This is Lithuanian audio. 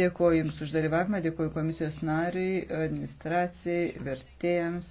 Dėkuoju Jums už dalyvavimą, dėkuoju komisijos nariui, administracijai, vertėjams.